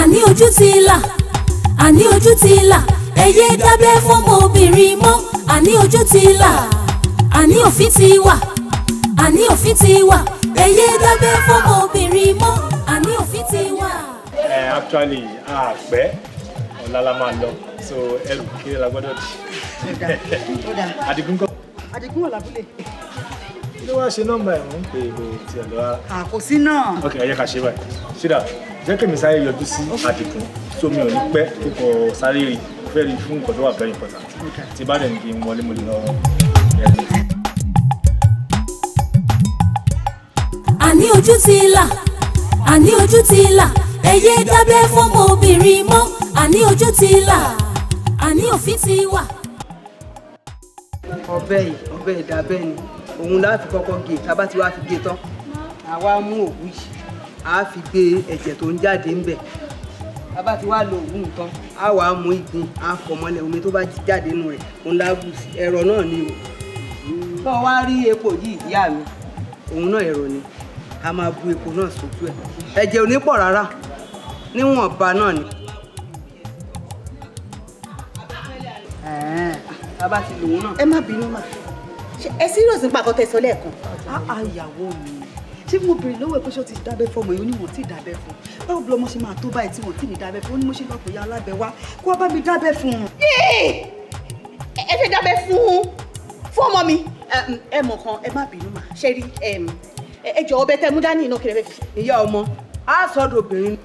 àní ojú ti là àní ojú ti là ẹ yé dábẹ́ fọ́mọ obìnrin mọ́ àní ojú ti là àní òfin ti wà àní òfin ti wà ẹ yé dábẹ́ fọ́mọ obìnrin mọ́ àní òfin ti wà. ẹ eh, actually àpẹ ọ̀la la máa lọ so ẹrù kí la gbọ́dọ̀ jì àdìgún àdìgún ọ̀làbúlé. kí ló wá ṣe nọ́mbà ẹ̀ wọ́n ń pè é pé lọ rárá. àkòsí náà. ok ẹ yẹ ká ṣe báyìí ṣídà jẹ́ kí mi sáré yọjú sí àdìgún tó ò ní pẹ́ tó sáré rí fẹ́ rí fún nǹkan tó wà very important tí bá dẹ̀ ní kí n wọlé mo lè lọ àní ojú ti là àní ojú ti là ẹyẹ dábẹ́ fọ́mọ obìnrin mọ́ àní ojú ti là àní òfin ti wà ọbẹ̀ yìí ọbẹ̀ ìdábẹ́ ni òun láti kọ́kọ́ gé tábà tí wàá fi gé tán àwa mú òwú yìí àá fi gbé ẹ̀jẹ̀ tó ń jáde ń bẹ̀ tábà tí wàá lo òwú nǹkan a wàá mú igun a fọ̀ mọ́lẹ̀ omi tó bá ti jáde nù rẹ̀ òun lábù sí ẹ̀rọ náà ni o tó wá rí epo yìí ìyá mi òun náà ẹ̀rọ ni a máa bu epo náà sójú ẹ̀ ẹ̀jẹ̀ ò ní pọ̀ rárá níwọ̀nba náà ni. bàbá ti lòun náà. ẹ má bínú mà ẹ serious nípa àkọ́tà ẹ̀sọ́ lẹ́ẹ̀kan. àá ìyàwó mi tí mo bèrè lọ́wọ́ ẹ̀ pé ṣé o ti dábẹ́ fún ọmọ yìí ó ní wọ́n ti dábẹ́ fún un báwo bí ọmọ ṣe máa tó báyìí tí wọ́n ti ní dábẹ́ fún un ó ní mo ṣe lọ́pọ̀ ya alábẹ́ wá kó wá bá mi dábẹ́ fún un. ẹ fẹ́ dábẹ́ fún fún ọmọ mi. ẹ mọ̀ kan ẹ má bínú mà ṣe rí ẹ jọ ọbẹ̀ tẹ mú dání iná kí lẹ fẹ́ fi. ìyá ọmọ á sọ́dọ̀ obìnrin.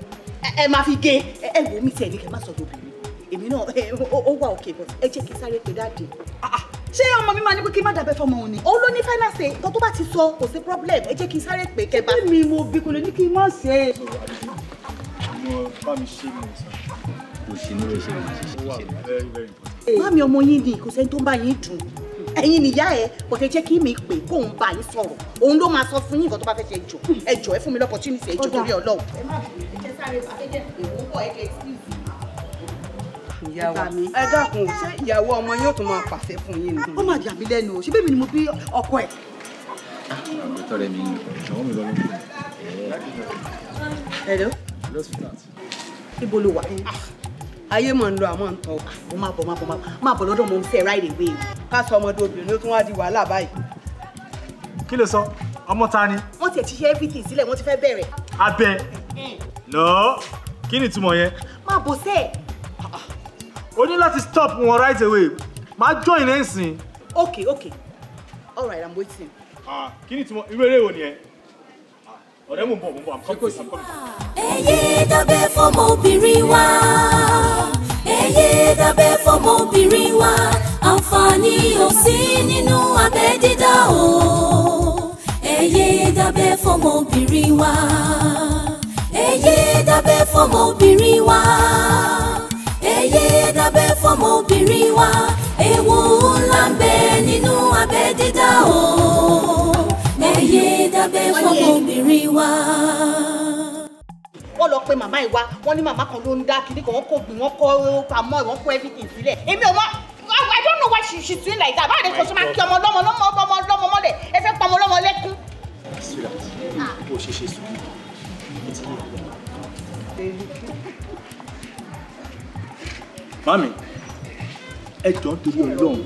ẹ máa fi gé ẹ wò ó tiẹ̀ ní kẹ́ má sọ́dọ̀ obìnrin èmi náà ó wà òkè bọ̀ ẹ jẹ́ kí sáré pé dáàdì. Ah, ah, ṣé ọmọ mi máa ní pé kí n má dábẹ́ fọmọ òun ni. ó ló ní final say nǹkan tó bá ti sọ kò sí problem ẹ jẹ́ kí n sáré pé kẹba. ṣé mi mo bí kò lè ní kí n má ṣe é. má mi ọmọ yín ni kò sẹ́ni tó ń bá yín dùn ẹ̀yin nìyá ẹ kò tẹ jẹ́ kí mi pè kó ń bá yín sọ̀rọ̀ òun ló máa sọ fún yín nǹkan tó bá fẹ́ ṣe ẹjọ́ ẹjọ́ ẹ fún mi lọ́pọ̀ tí mi sì ẹjọ́ lórí ọlọ́run. ẹ má bẹ̀rẹ̀ ẹ jẹ́ sáré bàbá ẹ jẹ́ pé ìyá wa ẹ dákun ṣé ìyàwó ọmọ yóò tún máa pàṣẹ fún yín ni. ó máa jà mí lẹ́nu o ṣé mi ni mo bí ọkọ ẹ̀. àgbẹ̀tọ̀ rẹ̀ mi ìṣòwò mi lọ́nà. hello. hello sweetheart. ibo ló wà. ayé máa ń lọ àmọ́ ń tọ́. Ah, mo máa bọ̀ máa bọ̀ máa bọ̀ lọ́dọ̀ mo ń fẹ́ right away. ká sọ ọmọdé obìnrin ló tún wá di wàhálà báyìí. kí ló sọ ọmọ ta ni. wọ́n ti ẹ̀ ti ṣe everything sílẹ̀ wọ́n ti fẹ́ bẹ̀rẹ̀. abẹ eh. lọ kí ni ìtumọ̀ yẹn. máa bọ̀ sẹ́ẹ̀ o ní láti stop wọn right away máa join ẹ̀ sìn. ok ok all right i'm waiting. Ah, kí ni tiwọn irú eré wo ni ẹ ah, ọ̀rẹ́ mò ń bọ̀ mò ń bọ̀ i'm ẹyẹ dábẹ́ fọmọbìnrin wa ẹyẹ dábẹ́ fọmọbìnrin wa àǹfààní ò sí nínú abẹ́ dídá o ẹyẹ dábẹ́ fọmọbìnrin wa ẹyẹ dábẹ́ fọmọbìnrin wa fọmọbìnrin wa ewu ńlá ń bẹ nínú abẹ́ dídá o ẹ yé dábẹ́ fọmọbìnrin wa wọ́n lọ pe màmá yìí wá wọ́n ní màmá kan ló ń dá kiri kan wọ́n kò gbìn wọ́n kọ́ pamọ́ wọ́n kọ́ everything sílẹ̀ èmi ò mọ I don't know why she she doing like that báwo ni oh kò sọ ma kí ọmọ lọ́mọ lọ́mọ ọmọ lọ́mọ mọ́lẹ̀ ẹ fẹ́ pamọ́ lọ́mọ lẹ́kún. mami ẹ jọ nítorí Ọlọ́run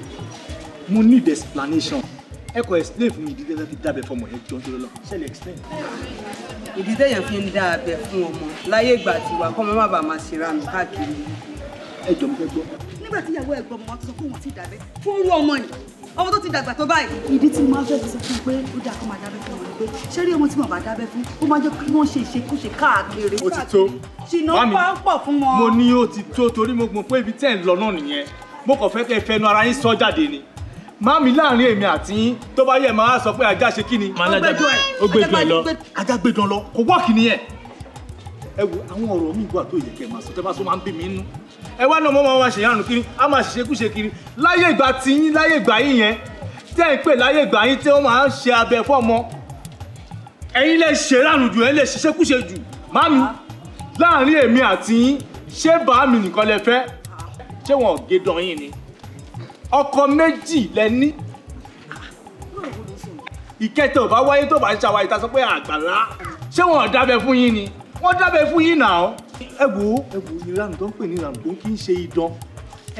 mo need explanation ẹ kò explain fún mi ìdílé láti dábẹ́ fọmọ ẹ jọ nítorí Ọlọ́run ṣe lè explain. ìdí téèyàn fi ń dá abẹ fún ọmọ láyé ìgbà tiwa kọ́ ọmọ má bàa máa ṣe ránu káàkiri. ẹ jọ mo fẹ́ gbọ́. nígbà tí ìyàwó ẹ̀gbọ́n mọ́ tó sọ fún wọn ti dàbẹ́ fún irú ọmọ yìí ọmọ tó ti dàgbà tó báyìí. ìdí tí mo máa fẹ́ fi sọ fún un pé ó dáa kó máa dábẹ́ fún wọn pé ṣé rí ọmọ tí mo bá dábẹ́ fún ó máa jẹ́ kí wọ́n ṣe ìṣekúṣe káàkiri. ó ti tó ṣìnà pọ̀ fún wọn. mo ní ó ti tó torí mo gbọ́ pé ibi tẹ́ ẹ̀ ń lọ náà nìyẹn mo kàn fẹ́ kẹ́ fẹnu ara yín sọ jáde ni máa mi láàrin èmi àti yín tó bá yẹ máa sọ pé ajá ṣe kí ni. ó gbẹjọ ẹ ó gbẹjọ ẹ lọ ajá gbẹjọ lọ kò wọ́ọ̀kì nìyẹn. ẹ wo àwọn ọ̀rọ̀ mi wà tó yẹ kẹ́ máa sọ tẹ́ bá sọ máa ń bí mi nú. ẹ wá náà mo máa ṣe ìyanu kiri a máa ṣiṣẹ́ kúṣe kiri láyé ìgbà tí yín láyé ìgbà yín yẹn tẹ́ ẹ pè láyé ìgbà yín tí wọ́n máa ń ṣe abẹ fọ́mọ. ẹ̀yin lè ṣe ránù jù ẹ̀yin lè ṣiṣẹ́ kúṣe jù máa mi láàrin èmi àti yín ṣé bàá mi nìkan lè fẹ́ ṣé wọn gé dán ni ọkọ méjì lẹ́ní ìkẹtẹ ò bá wáyé tó bá ń ṣàwáyé ta sọ pé àgbàlá ṣé wọn ò fún yín ni wọ́n dábẹ́ fún yín náà. ẹ wo ìranù tó ń pè ní ìranù tó ń kí ń ṣe idán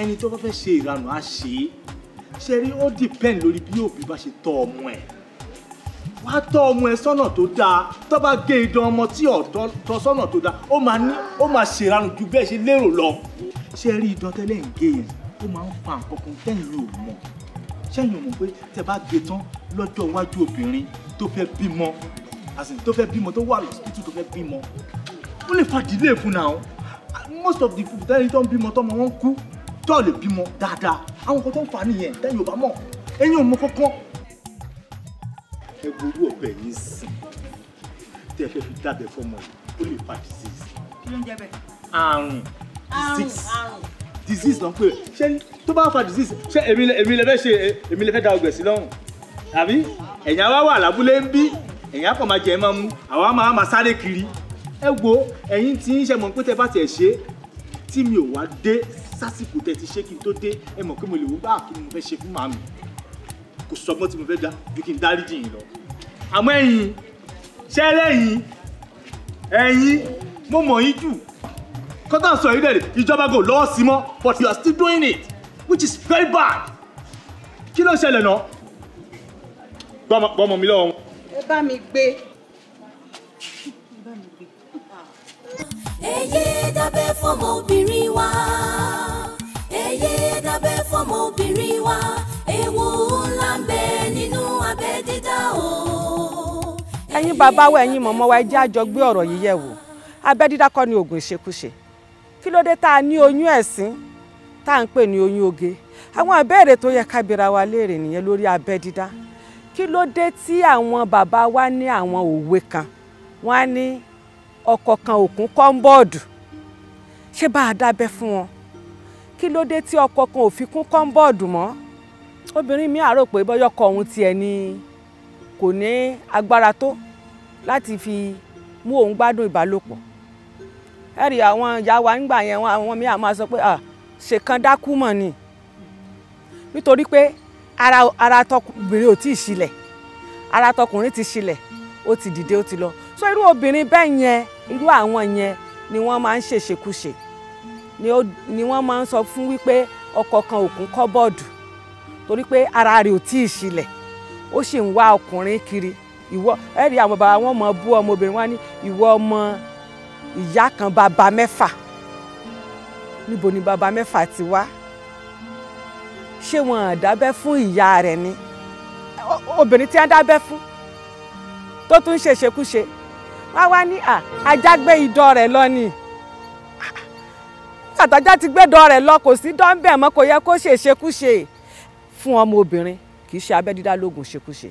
ẹni tó bá fẹ́ ṣe ìranù á ṣe é ṣe rí ó dìpẹ́ǹd lórí bí òbí bá ṣe tọ́ ọmọ ẹ̀ wàá tọ́ ọmọ ẹ sọ́nà tó dáa tó bá gé idan ọmọ tí ò tọ́ sọ́nà tó dáa ó máa ní ju bẹ́ẹ̀ ṣe lérò lọ ṣé ẹ rí idán tẹ́lẹ̀ ń gé yẹn ó máa ń fa nǹkan kan tẹ́yìn ò mọ̀ ṣẹ́yìn ò mọ̀ pé tẹ́ bá gé tán lọ́jọ́ iwájú obìnrin tó fẹ́ bímọ àsìn tó fẹ́ bímọ tó wà lọ́sítítù tó fẹ́ bímọ ó lè fa dìlé fún náà most of the people tẹ́lẹ̀ tó ń bímọ tọ́mọ wọn kú tó lè bímọ dáadáa àwọn kan tó ń fa nìyẹn tẹ́yìn ò bá mọ̀ ẹ̀yìn ò mọ̀ kankan. ẹ ború ọ̀pẹ yìí sìn tẹ́ ẹ fẹ́ fi dábẹ́ fọmọ yìí ó lè fa disease. kí ló ń jẹ bẹ́ẹ̀. àrùn disease disease ló ń pè ṣé tó bá fa disease ṣé èmi lè fẹ́ ṣe èmi lè fẹ́ da ọgbẹ̀ sí lọ́rùn àbí ẹ̀yin àwa wà lábúlé ń bí ẹ̀yin àkọ́ máa jẹ ẹ̀ máa mú àwa máa máa sáré kiri ẹ wo ẹ̀yin tí ń ṣe mọ̀ pé tẹ bá tiẹ̀ ṣe tí mi ò wá dé sásìkò tẹ ti ṣe kí n tó dé ẹ mọ̀ pé mo lè wò bá ah, kí mo fẹ́ ṣe fún màmí kò sọgbọ́n tí mo fẹ́ dá ju kí n dáríjì yín lọ àmọ́ ẹ̀yin ṣẹ́rẹ́ yín mo mọ̀ yín jù kọ́tà sọ yìí dẹ̀rẹ̀ ìjọba kò lọ́wọ́ sí mọ́ but you are still doing it which is very bad kí ló ṣẹlẹ̀ náà gbọ́mọ mi lọ́wọ́ ẹ bá mi gbé. ẹyẹ dábẹ́ fọmọ obìnrin wa ẹyẹ dábẹ́ fọmọ obìnrin wa ewu ńlá ń bẹ nínú abẹ́ dídá o. ẹ̀yin bàbá wa ẹ̀yin mọ̀mọ́ wa ẹ jẹ́ àjọ gbé ọ̀rọ̀ yìí yẹ̀ wò abẹ́ dídá kọ́ ni oògùn ìṣekúṣe kí ló dé tá a ní oyún ẹ̀sìn tá à ń pè ní oyún oge àwọn ìbéèrè tó yẹ ká bira wa léèrè nìyẹn lórí abẹ́ dídá kí ló dé tí àwọn bàbá wa ní àwọn òwe kan wọ́n á ní ọkọ̀ kan òkun kọ́ńbọ́ọ̀dù ṣé bá a dábẹ́ fún wọn kí ló dé tí ọkọ̀ kan ò fi kún kọ́ńbọ́ọ̀dù mọ́ obìnrin mi àrò pé bọ́yọ̀kọ̀ òun tiẹ̀ ni kò ní agbára tó láti fi mú òun gbádùn ìbálòpọ̀ ẹ̀rì àwọn ìyá wa ńgbà yẹn wọn àwọn míì àmọ́ sọ pé ṣèkan dákú mọ̀ ni nítorí pé ara ara tọkùnrin ò tí ì ṣílẹ̀ ara tọkùnrin ti ṣílẹ̀ ó ti dìde ó ti lọ so irú obìnrin bẹ́ẹ̀ yẹn irú àwọn yẹn ni wọ́n máa ń ṣèṣekúṣe ni wọ́n máa ń sọ fún wípé ọkọ kan òkun kọ́bọ̀dù torí pé ara rẹ̀ ò tí ì ṣílẹ̀ ó sì ń wá ọkùnrin kiri ìwọ ẹ̀rí àwọn bàbá wọn mọ̀ bú ọmọbìnrin wa ní ìwọ ọmọ ìyá kan bàbá mẹ́fà níbo ni bàbá mẹ́fà ti wá ṣé wọn à dábẹ́ fún ìyá rẹ̀ ni obìnrin tí wọ́n dábẹ́ fún tó tún ṣe ṣekúṣe wọ́n wá ní àjágbé idọ́ rẹ̀ lọ ni àtàjá ti gbẹ́dọ̀ rẹ̀ lọ kò sí dọ́ńbẹ̀ mọ́ kò yẹ kó ṣe ṣekúṣe fún ọmọ obìnrin kì í ṣe abẹ́ lóògùn ṣekúṣe.